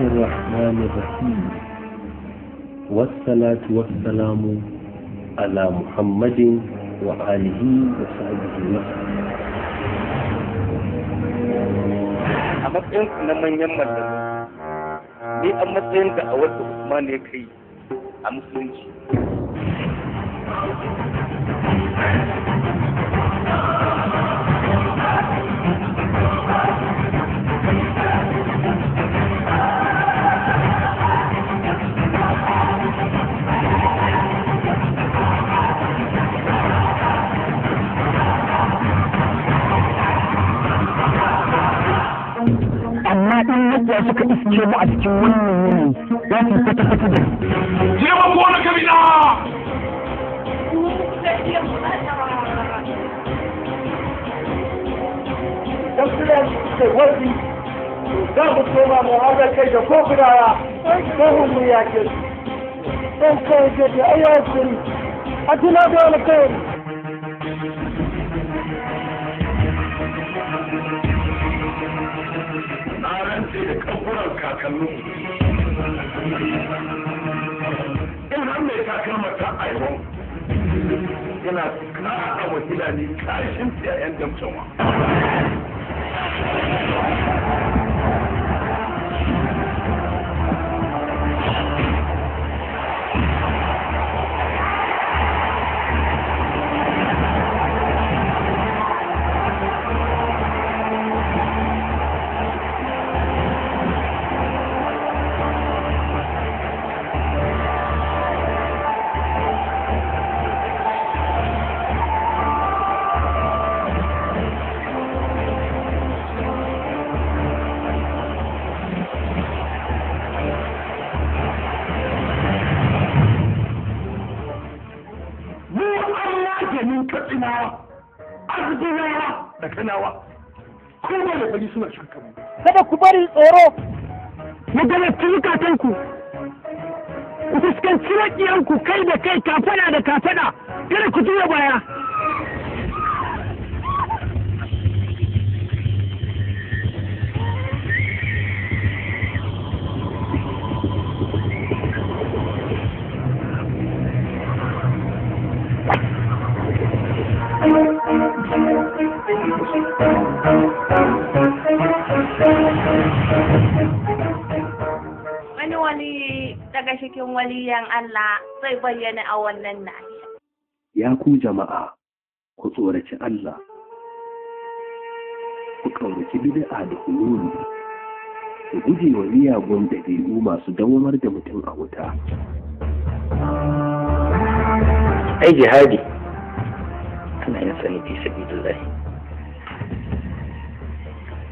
الرحمن الرحيم والصلاة والسلام على محمد وآله وصحبه وسلم a matsayin na manyan mallaka ni a matsayin da a wadda kai a musulunci suka iske mu a cikin wannan yanayi za su yi kwata kwata da je ba ko na kabila za mu koma mu haɗa kai da ko gudawa ko mu yake su ɗan kai da ayyukan a tuna da wani alkhairi na rantse da kafuran kakannin in har mai kakalmar ta aihon yana kara wa hilali kashin 'ya'yan damcanwa ajanin katsinawa arzinawa da kanawa kuma da fari suna shakka kada ku bari tsoro na gaba galabci zukatanku ku fuskanci maƙiyanku kai da kai kafada da kafada Wani wali daga cikin waliyan Allah zai bayyana a wannan nahiya. Ya ku jama'a, ku tsoraci Allah, ku ƙauraci bid'a da hululi, ku guje wa miyagun ɗabi'u masu dawamar da mutum a wuta. Ai jihadi, ana yin sabi da zai.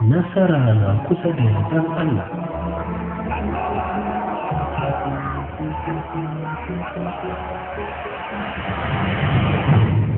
nasara na kusa da yardan Allah